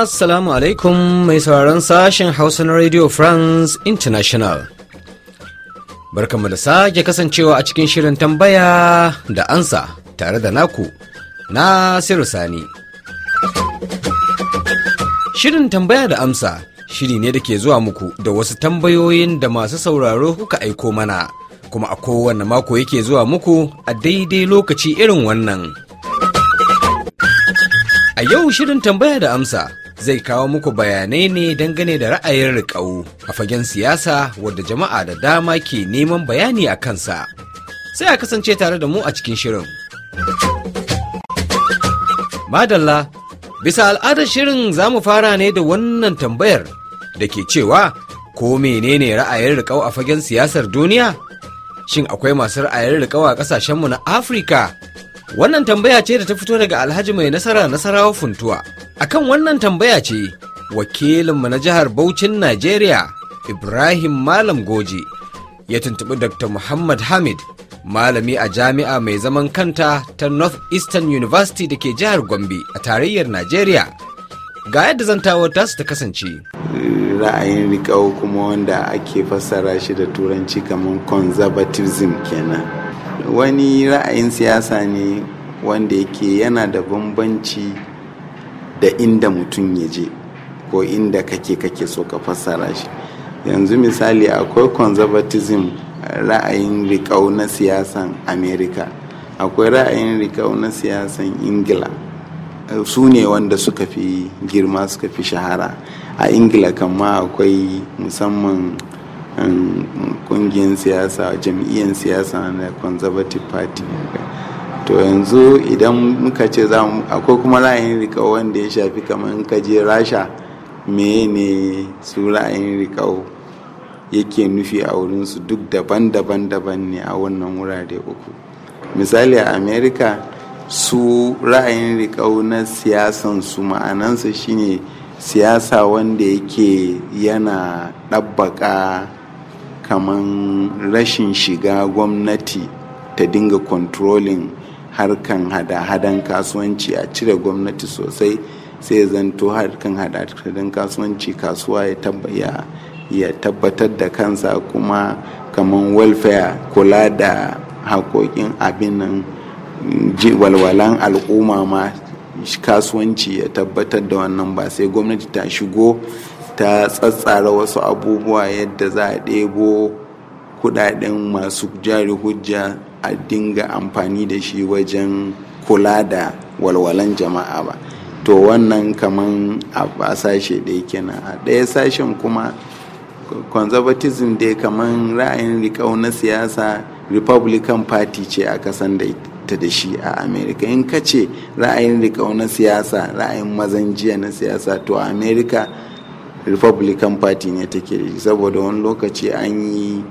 Assalamu alaikum mai sauraron sashen Hausa na Radio France International. Barkanmu da sake kasancewa a cikin shirin tambaya da ansa tare da naku Nasiru Sani. Shirin tambaya da amsa shiri ne da ke zuwa muku da wasu tambayoyin da masu sauraro kuka aiko mana, kuma a kowane mako yake zuwa muku a daidai lokaci irin wannan. A yau shirin tambaya da amsa zai kawo muku bayanai ne dangane da ra'ayin riƙau a fagen siyasa wadda jama'a da dama ke neman bayani a kansa. Sai a kasance tare da mu a cikin shirin. Madalla, bisa al'adar shirin za mu fara ne da wannan tambayar da ke cewa ko menene ra'ayin rikau a fagen siyasar duniya? Shin akwai masu ra'ayin rikau a ƙasashenmu na Afirka? Wannan tambaya ce da ta fito daga Alhaji mai nasara nasarawa funtuwa. akan wannan tambaya ce wakilinmu na jihar Baucin Najeriya Ibrahim Malam Goji ya tuntuɓi Dr. Muhammad Hamid malami a jami'a mai zaman kanta ta North Eastern University da ke jihar Gombe a tarayyar Najeriya ga yadda zantawar tasu ta kasance. Ra'ayin riƙau kuma wanda ake fassara shi da turanci kamar conservatism kenan. Wani ra'ayin siyasa ne wanda yake yana da bambanci da inda mutum ya je ko inda kake kake so ka fassara shi yanzu misali akwai conservatism ra'ayin riƙau na siyasan america akwai ra'ayin riƙau na siyasan ingila su ne wanda suka fi girma suka fi shahara a ingila kama akwai musamman kungiyar um, siyasa jam'iyyar siyasa na conservative party to yanzu idan muka ce za mu akwai kuma ra'ayin rikau wanda ya shafi kamar ka je rasha mene su ra'ayin rikau yake nufi a wurinsu duk daban-daban daban ne a wannan wurare uku misali a america su ra'ayin rikau na siyasan su ma'anansa shine siyasa wanda yake yana ɗabbaka kamar rashin shiga gwamnati ta dinga controlling harkan hada-hadan kasuwanci a cire gwamnati sosai sai zanto harkan hada-hadan kasuwanci kasuwa ya tabbatar da kansa kuma kamar welfare kula da hakokin abin walwalan al'umma ma kasuwanci ya tabbatar da wannan ba sai gwamnati ta shigo ta tsatsara wasu abubuwa yadda za a ɗebo kudaden masu jari hujja a dinga amfani da shi wajen kula da walwalan jama'a ba to wannan kaman a sashe ɗaya kenan a ɗaya sashen kuma conservatism dai kaman ra'ayin riƙau na siyasa republican party ce a kasan da ta da shi a america in ka ce ra'ayin riƙau na siyasa ra'ayin mazan jiya na siyasa to a america republican party ne take da shi saboda wani lokaci an yi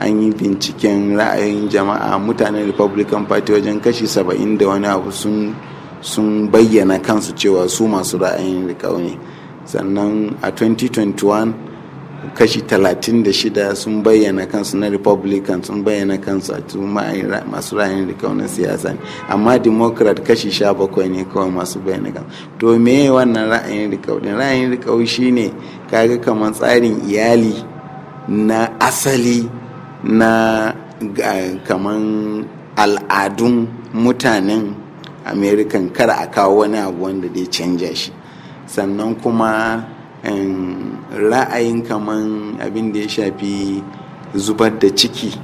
an yi binciken ra'ayin jama'a mutanen republican party wajen kashi saba'in da wani abu sun bayyana kansu cewa su masu ra'ayin rikau ne sannan a 2021 kashi 36 sun bayyana kansu na republican sun bayyana kansu a masu ra'ayin rikau na siyasa ne amma democrat kashi 17 ne kawai masu bayyana kansu to me wannan ra'ayin rikau din ra'ayin rikau shine kaga kamar tsarin iyali na asali na eh, kaman al'adun mutanen american kar a kawo wani abu wanda dai canja shi sannan kuma eh, ra'ayin kaman abin da ya shafi zubar da ciki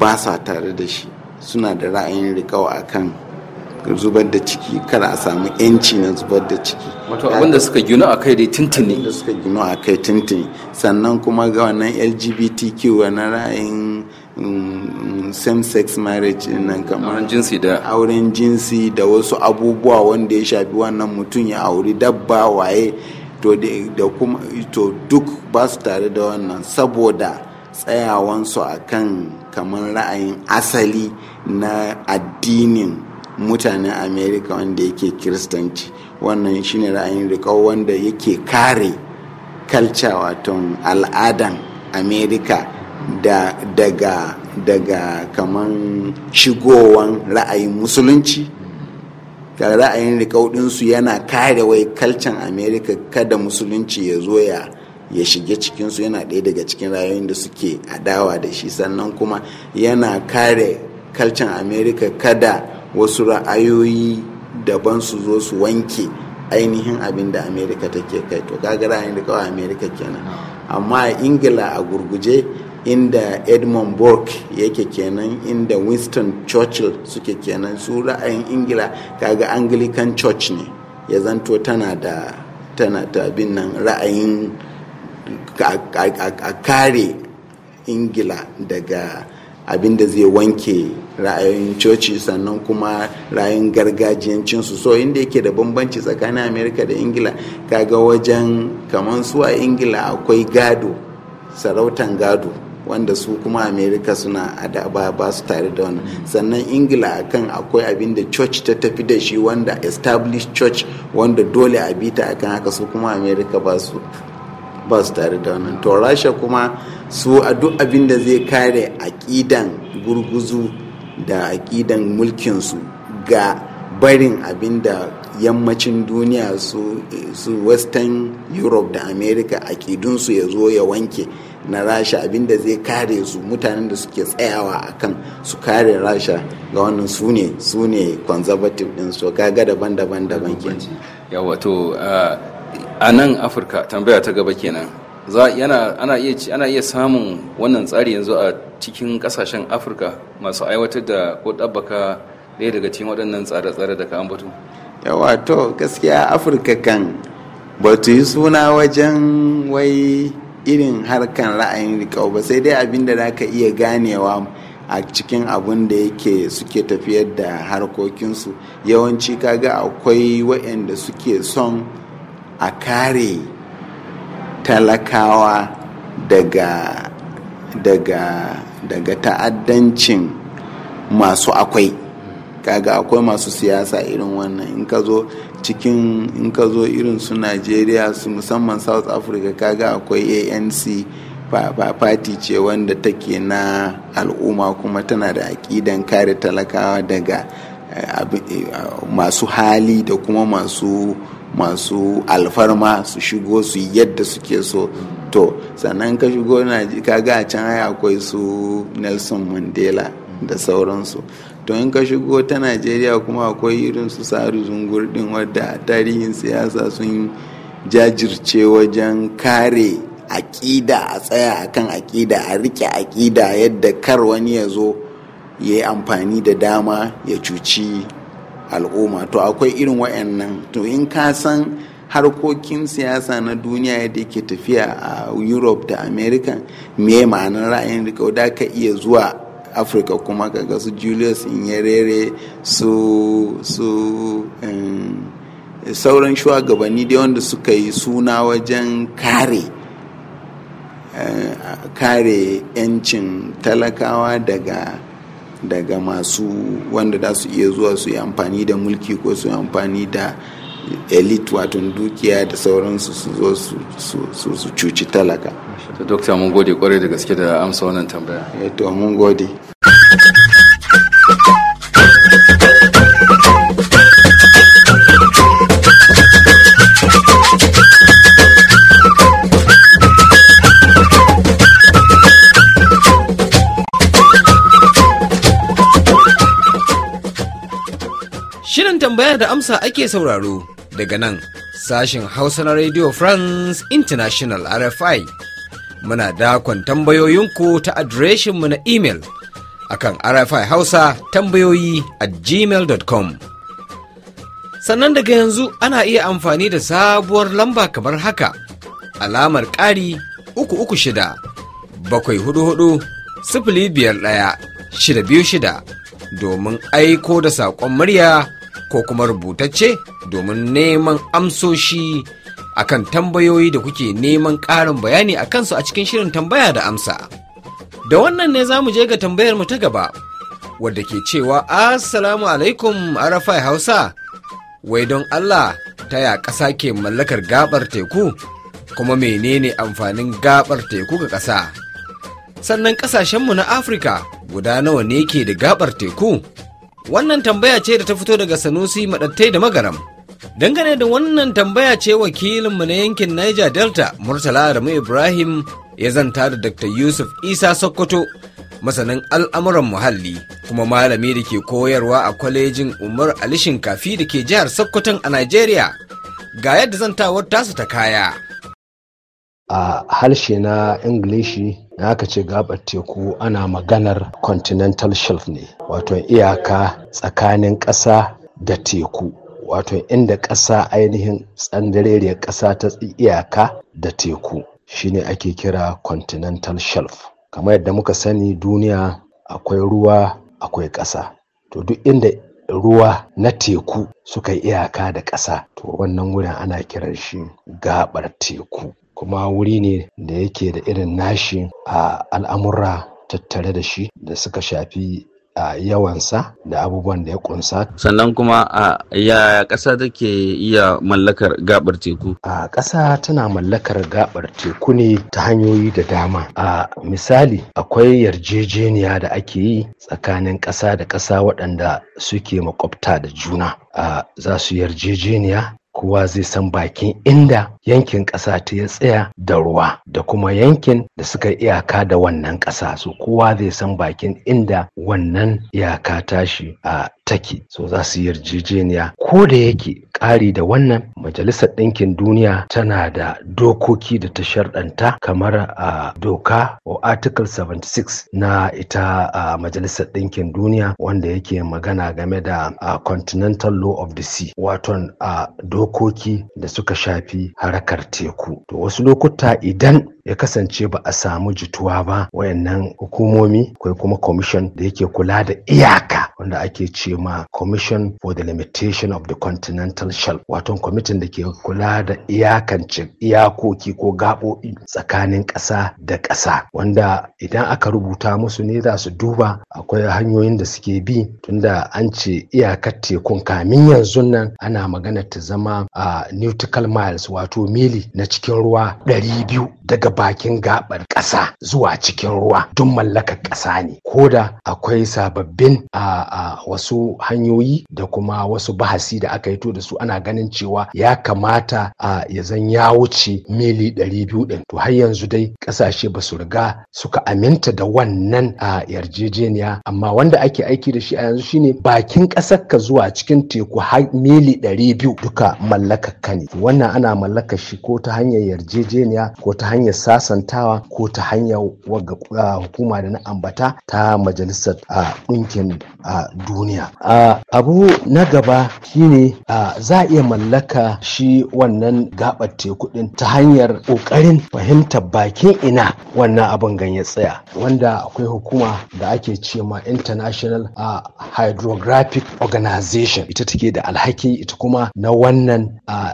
ba sa tare da shi suna da ra'ayin rikawa akan zubar da ciki kana a samu yanci na zubar da ciki wato abinda suka gino a kai dai tuntuni abinda suka gino a kai tuntuni sannan kuma ga wannan lgbtq wani ra'ayin mm, same sex marriage nan kamar jinsi da auren jinsi da wasu abubuwa wanda ya shafi wannan mutum ya auri dabba waye to da kuma to duk ba su tare da wannan saboda tsayawansu akan kamar ra'ayin asali na addinin mutanen Amerika wanda yake kiristanci wannan shine ra'ayin rikau wanda yake kare kalca waton al'adan Amerika, da daga daga kaman shigowan ra'ayin musulunci ga ra'ayin rikau ɗinsu yana kare wai kalcan Amerika, kada musulunci ya zo ya ya shige cikinsu yana ɗaya daga cikin rayuwar da suke adawa da shi sannan kuma yana kare kalcan Amerika, kada wasu ra'ayoyi daban su zo su wanke ainihin abin da amerika take kai to kaga ra'ayin da kawai amerika kenan amma a ingila a gurguje inda edmund burke yake kenan inda winston churchill suke kenan su ra'ayin ingila kaga anglican church ne ya zanto tana da tana ta bin nan ra'ayin a kare ingila daga abin da zai wanke ra'ayoyin coci sannan kuma ra'ayin gargajiyancinsu so inda yake da bambanci tsakanin amerika da ingila kaga wajen kamar su a ingila akwai gado sarautan gado wanda su kuma amerika suna adaba ba su tare da wannan sannan ingila akan akwai abin da church ta tafi da shi wanda established church wanda dole a bita akan haka su kuma amerika ba su ba su tare da wannan to rasha kuma su a duk abin da zai kare aƙidan gurguzu da aƙidan mulkinsu ga barin abin da yammacin duniya su, su western europe da america aƙidunsu ya zo ya wanke na rasha abin da zai kare su mutanen da suke tsayawa akan su kare rasha ga wannan su ne su ne conservative din su kaga daban-daban daban ke yawa ah, a nan afirka tambaya ta gaba kenan ana iya samun wannan tsari yanzu a cikin kasashen afirka masu aiwatar da ko ɗabbaka ɗaya daga cikin waɗannan tsare-tsare da ka ambatu yawa to gaskiya afirka kan ba yi suna wajen wai irin harkan ra'ayin rikau ba sai dai abin da za ka iya ganewa a cikin abin da yake suke tafiyar da harkokinsu yawanci kaga akwai waɗanda suke son a kare talakawa daga daga daga ta'addancin masu akwai kaga akwai masu siyasa irin wannan in ka zo cikin in ka zo irin su nigeria su musamman south africa kaga akwai anc party ce wanda take na al'umma kuma tana da aƙidan kare talakawa daga eh, eh, masu hali da kuma masu masu alfarma su shigo su yadda suke so to sannan ka shigo ka ga a can haya akwai su nelson mandela da sauransu to in ka shigo ta najeriya kuma akwai irin su saru zungurdin wadda tarihin siyasa sun jajirce wajen kare aƙida a tsaya a kan aƙida a rike aƙida yadda kar wani ya zo ya yi amfani da dama ya cuci al'umma to akwai irin wa'annan to in ka san harkokin siyasa na duniya da ke tafiya a europe da america me ma'anar ra'ayin da ka iya zuwa afirka kuma kaga su julius inyerere su su eh, sauran shugabanni da wanda suka yi suna wajen kare eh, kare 'yancin talakawa daga daga masu wanda da su iya zuwa su yi amfani da mulki ko su yi amfani da elite wato dukiya da sauransu su zo su su cuci talaka. dokta mun gode kwarai da gaske da amsa wannan tambaya. Eto eh, mun gode. tambaya da amsa ake sauraro daga nan sashen Hausa na Radio France International RFI. Muna dakon tambayoyinku ta adireshinmu na imel akan RFI Hausa tambayoyi a gmail.com. Sannan daga yanzu ana iya amfani da sabuwar lamba kamar haka alamar ƙari uku uku shida bakwai hudu hudu sifili biyar ɗaya shida biyu shida domin aiko da saƙon murya ko kuma rubutacce domin neman amsoshi akan tambayoyi da kuke neman ƙarin bayani a kansu a cikin shirin tambaya da amsa. Da wannan ne za mu je ga tambayar mu ta gaba, wadda ke cewa Assalamu alaikum Arafai Hausa, wai don Allah ta ya ƙasa ke mallakar gabar teku, kuma menene amfanin gabar teku ga ƙasa. Sannan ƙasashenmu na Afirka guda nawa ne ke da gabar teku? Wannan tambaya ce da ta fito daga Sanusi Madattai da Magaram. Dangane da wannan tambaya ce wakilinmu na yankin Niger Delta Murtala Adamu Ibrahim ya zanta da Dr. Yusuf Isa Sokoto masanin al'amuran muhalli kuma malami da ke koyarwa a kwalejin Umar Ali Shinkafi da ke jihar Sokoton a Najeriya. Ga yadda zantawar tasu ta kaya. a harshe na ingilishi na aka ce gabar teku ana maganar continental shelf ne wato iyaka tsakanin ƙasa da teku wato inda ƙasa ainihin tsandareriyar ƙasa ta iyaka da teku shine ake kira continental shelf kamar yadda muka sani duniya akwai ruwa akwai ƙasa to duk inda ruwa na teku suka yi iyaka da ƙasa to wannan wurin ana kiran shi gabar teku kuma wuri ne da yake da irin nashi a al'amura tattare da shi da suka shafi a yawansa da abubuwan da ya kunsa. Sannan kuma a yaya ƙasa take iya mallakar gabar teku? A ƙasa tana mallakar gabar teku ne ta hanyoyi da dama. A misali akwai yarjejeniya da ake yi tsakanin ƙasa da ƙasa waɗanda suke makwabta da juna. A za su yarjejeniya kowa zai san bakin inda yankin ƙasa ta ya tsaya da ruwa da kuma yankin da suka iyaka da wannan ƙasa su kowa zai san bakin inda wannan iyaka tashi a take so za su yi yarjejeniya ko da yake ƙari da wannan majalisar ɗinkin duniya tana da dokoki da ta sharɗanta kamar a doka o article 76 na ita a majalisar ɗinkin duniya wanda yake magana game da a continental law of the sea waton a dokoki da suka shafi harakar teku to wasu lokuta idan ya kasance ba a samu jituwa ba wayannan hukumomi kai kuma commission da yake kula da iyaka wanda ake ce ake ma commission for the limitation of the continental shelf wato kwamitin da ke kula da iyakance iyakoki ko gaɓoɓi tsakanin ƙasa da ƙasa wanda idan aka rubuta musu ne za su duba akwai hanyoyin da suke bi tunda an ce iyakar tekun kamin yanzu nan ana magana ta zama a nautical miles wato mili na cikin ruwa ɗari biyu daga bakin gabar ƙasa zuwa cikin ruwa duk mallakar ƙasa ne koda akwai sababbin a wasu hanyoyi da kuma wasu bahasi da aka yi to da su ana ganin cewa ya kamata a ya zan ya wuce mili ɗari biyu ɗin to har yanzu dai ƙasashe ba su riga suka aminta da wannan a yarjejeniya amma wanda ake aiki da shi a yanzu shine bakin ƙasar ka zuwa cikin teku har mili ɗari biyu duka mallakar ka ne wannan ana mallakar shi ko ta hanyar yarjejeniya ko ta hanyar sasantawa ko ta hanyar wagga ah, hukuma da na ambata ta majalisar ah, ɗinkin ah, duniya abu na gaba shine za a iya mallaka shi wannan gaɓar teku ɗin ta hanyar ƙoƙarin fahimtar bakin ina wannan abin ganye tsaya wanda akwai hukuma da ake ce ma international hydrographic organization ita take da alhaki ita kuma na wannan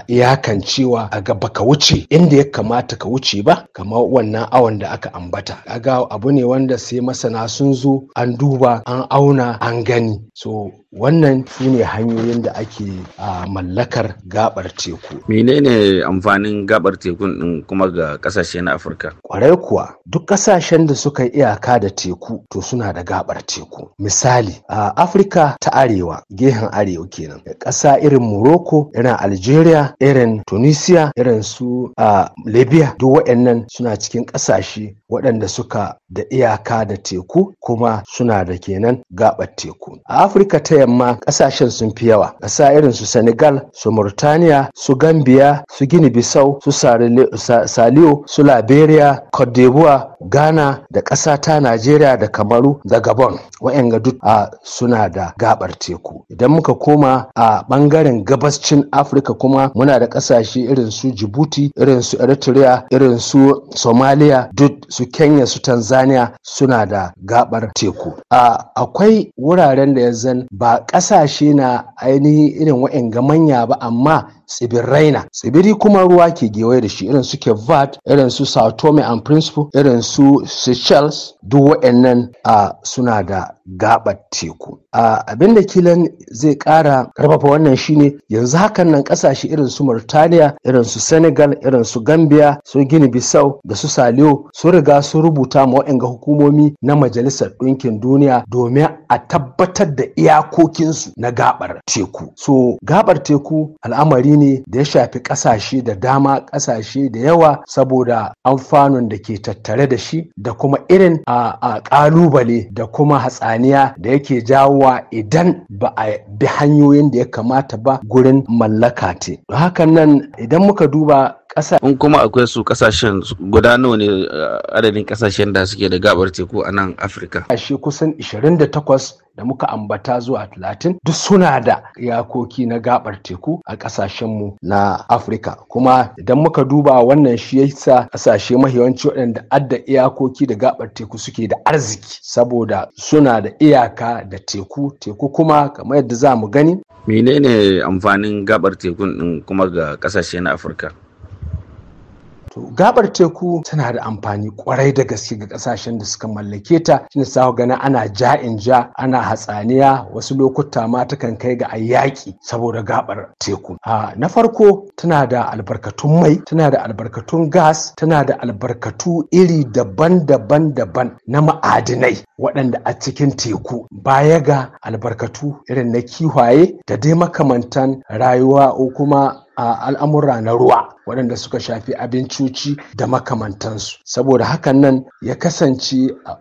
iyakan cewa a gaba ka wuce inda ya kamata ka wuce ba ba kamar wannan awon da aka ambata kaga abu ne wanda sai masana sun zo an duba an auna an gani so wannan su ne hanyoyin da ake a mallakar gabar teku menene amfanin gabar teku din kuma ga kasashe na afirka kwarai kuwa duk kasashen da suka iyaka da teku to suna da gabar teku misali a afirka ta arewa gehen arewa kenan ƙasa irin morocco irin algeria irin tunisia irin su a libya duk nan suna cikin ƙasashe waɗanda suka da iyaka da teku kuma suna da kenan gaɓar teku a afirka ta yamma ƙasashen sun fi yawa ƙasa irin su senegal su murtaniya su gambia su gini bisau su saliyo su liberia cote d'ivoire ghana da ƙasa ta najeriya da kamaru da gabon wa'yanga duk a suna da gaɓar teku idan muka koma a ɓangaren gabascin afirka kuma muna da ƙasashe irin su jibuti irin su eritrea irin su su somalia duk su kenya su tanzania suna da gabar teku akwai wuraren da ya zan ba ƙasashe na ainihin irin wa'in manya ba amma Tsibiraina, na tsibiri kuma ruwa ke gewaye da shi irin su kevat irin su sao tome and principle irin su seychelles duk waɗannan a suna da gaɓar teku a abin da kilan zai ƙara karfafa wannan shine yanzu hakan nan ƙasashe irin su mauritania irin su senegal irin su gambia su gini bissau da su saliyo su riga su rubuta ma wa'anga hukumomi na majalisar ɗinkin duniya domin a tabbatar da iyakokinsu na gaɓar teku so gaɓar teku al'amari ne da ya shafi ƙasashe da dama ƙasashe da yawa saboda amfanon da ke tattare da shi da kuma irin a a ƙalubale da kuma hatsaniya da yake jawowa idan ba a bi hanyoyin da ya kamata ba gurin mallaka te. Hakan nan idan muka duba ƙasa in kuma akwai su ƙasashen guda nawa ne eh, adadin ƙasashen da suke da gabar teku a nan afirka shi kusan 28 da muka ambata zuwa 30 duk suna da yakoki na gabar teku a ƙasashenmu na afirka kuma idan muka duba wannan shi yasa ƙasashe mahiyawanci waɗanda adda iyakoki da gabar teku suke da arziki saboda suna da iyaka da teku teku kuma kamar yadda za mu gani menene amfanin gabar tekun ɗin kuma ga ƙasashe na afirka To gabar teku tana da amfani kwarai da gaske ga kasashen da suka mallake ta shine sa gani ana ja in ja ana hatsaniya wasu lokuta ma takan kai ga yaƙi saboda gabar teku. A na farko tana da albarkatun mai, tana da albarkatun gas, tana da albarkatu iri daban-daban daban na ma'adinai waɗanda a cikin teku baya ga albarkatu irin na kiwaye da dai makamantan rayuwa ko kuma A al'amura na ruwa waɗanda suka shafi abincoci da makamantansu saboda hakan nan ya kasance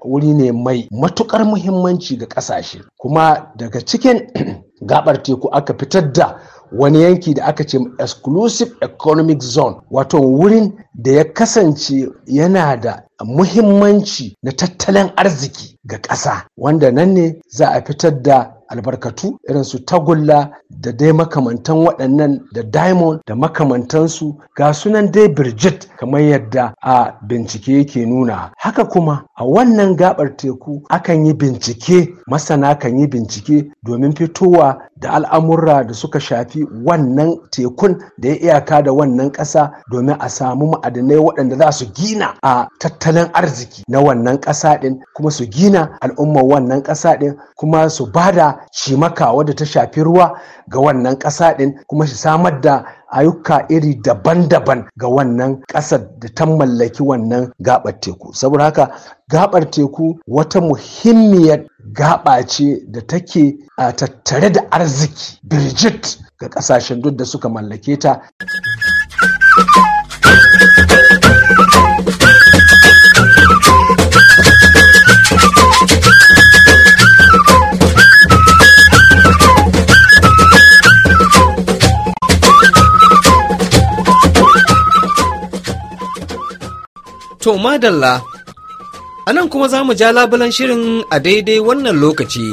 wuri ne mai matukar muhimmanci ga ƙasashe kuma daga cikin gabar teku aka fitar da wani yanki da aka ce exclusive economic zone wato wurin da ya kasance yana da muhimmanci na tattalin arziki ga ƙasa wanda nan ne za a fitar da albarkatu irin su tagulla da dai makamantan waɗannan da diamond da makamantansu ga sunan dai birjit kamar yadda a bincike yake nuna haka kuma a wannan gabar teku akan yi bincike masana kan yi bincike domin fitowa da al'amurra da suka shafi wannan tekun da ya iyaka da wannan ƙasa domin a samu ma'adanai waɗanda za su gina a tattalin arziki na wannan ƙasa ɗin kuma su gina al'ummar wannan ƙasa ɗin kuma su bada cimaka wadda ta shafi ruwa ga wannan ƙasa ɗin kuma su samar da ayyuka iri daban-daban ga wannan ƙasar da ta mallaki wannan gaɓar teku saboda haka gaɓar teku wata muhimmiyar gaɓa ce da take a tattare da arziki birjit ga ƙasashen duk da suka mallake ta To madalla, a nan kuma za mu ja labulan shirin a daidai wannan lokaci.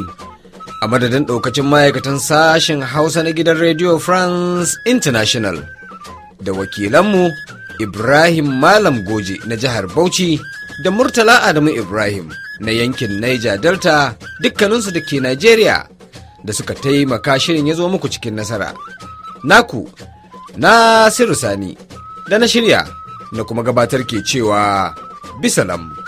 A madadin ɗaukacin ma'aikatan sashen Hausa na gidan Radio France International da wakilanmu Ibrahim Malam Goje na jihar Bauchi da Murtala Adamu Ibrahim na yankin Niger Delta dukkaninsu da ke Najeriya da suka taimaka shirin ya zo muku cikin nasara. Naku, Nasiru Sani, da na shirya. na kuma gabatar ke cewa bisalam.